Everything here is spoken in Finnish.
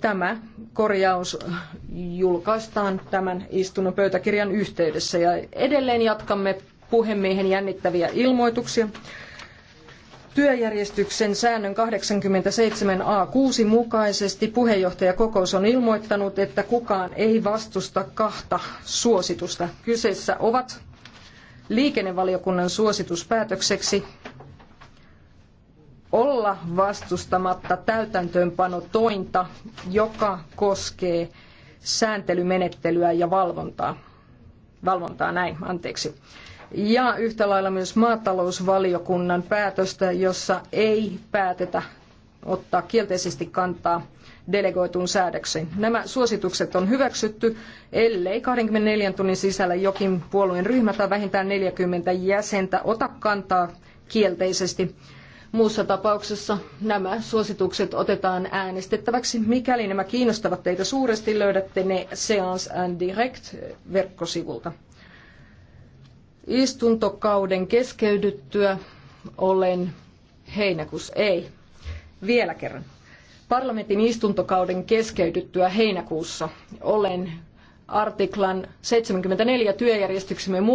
Tämä korjaus julkaistaan tämän istunnon pöytäkirjan yhteydessä ja edelleen jatkamme puhemiehen jännittäviä ilmoituksia. Työjärjestyksen säännön 87a6 mukaisesti puheenjohtajakokous on ilmoittanut, että kukaan ei vastusta kahta suositusta. Kyseessä ovat liikennevaliokunnan suosituspäätökseksi olla vastustamatta täytäntöönpanotointa, joka koskee sääntelymenettelyä ja valvontaa. Valvontaa näin, anteeksi. Ja yhtä lailla myös maatalousvaliokunnan päätöstä, jossa ei päätetä ottaa kielteisesti kantaa delegoituun säädökseen. Nämä suositukset on hyväksytty, ellei 24 tunnin sisällä jokin puolueen ryhmä tai vähintään 40 jäsentä ota kantaa kielteisesti Muussa tapauksessa nämä suositukset otetaan äänestettäväksi. Mikäli nämä kiinnostavat teitä suuresti, löydätte ne Seance and Direct verkkosivulta. Istuntokauden keskeydyttyä olen heinäkuussa, ei, vielä kerran. Parlamentin istuntokauden keskeydyttyä heinäkuussa olen artiklan 74 työjärjestyksemme mukaan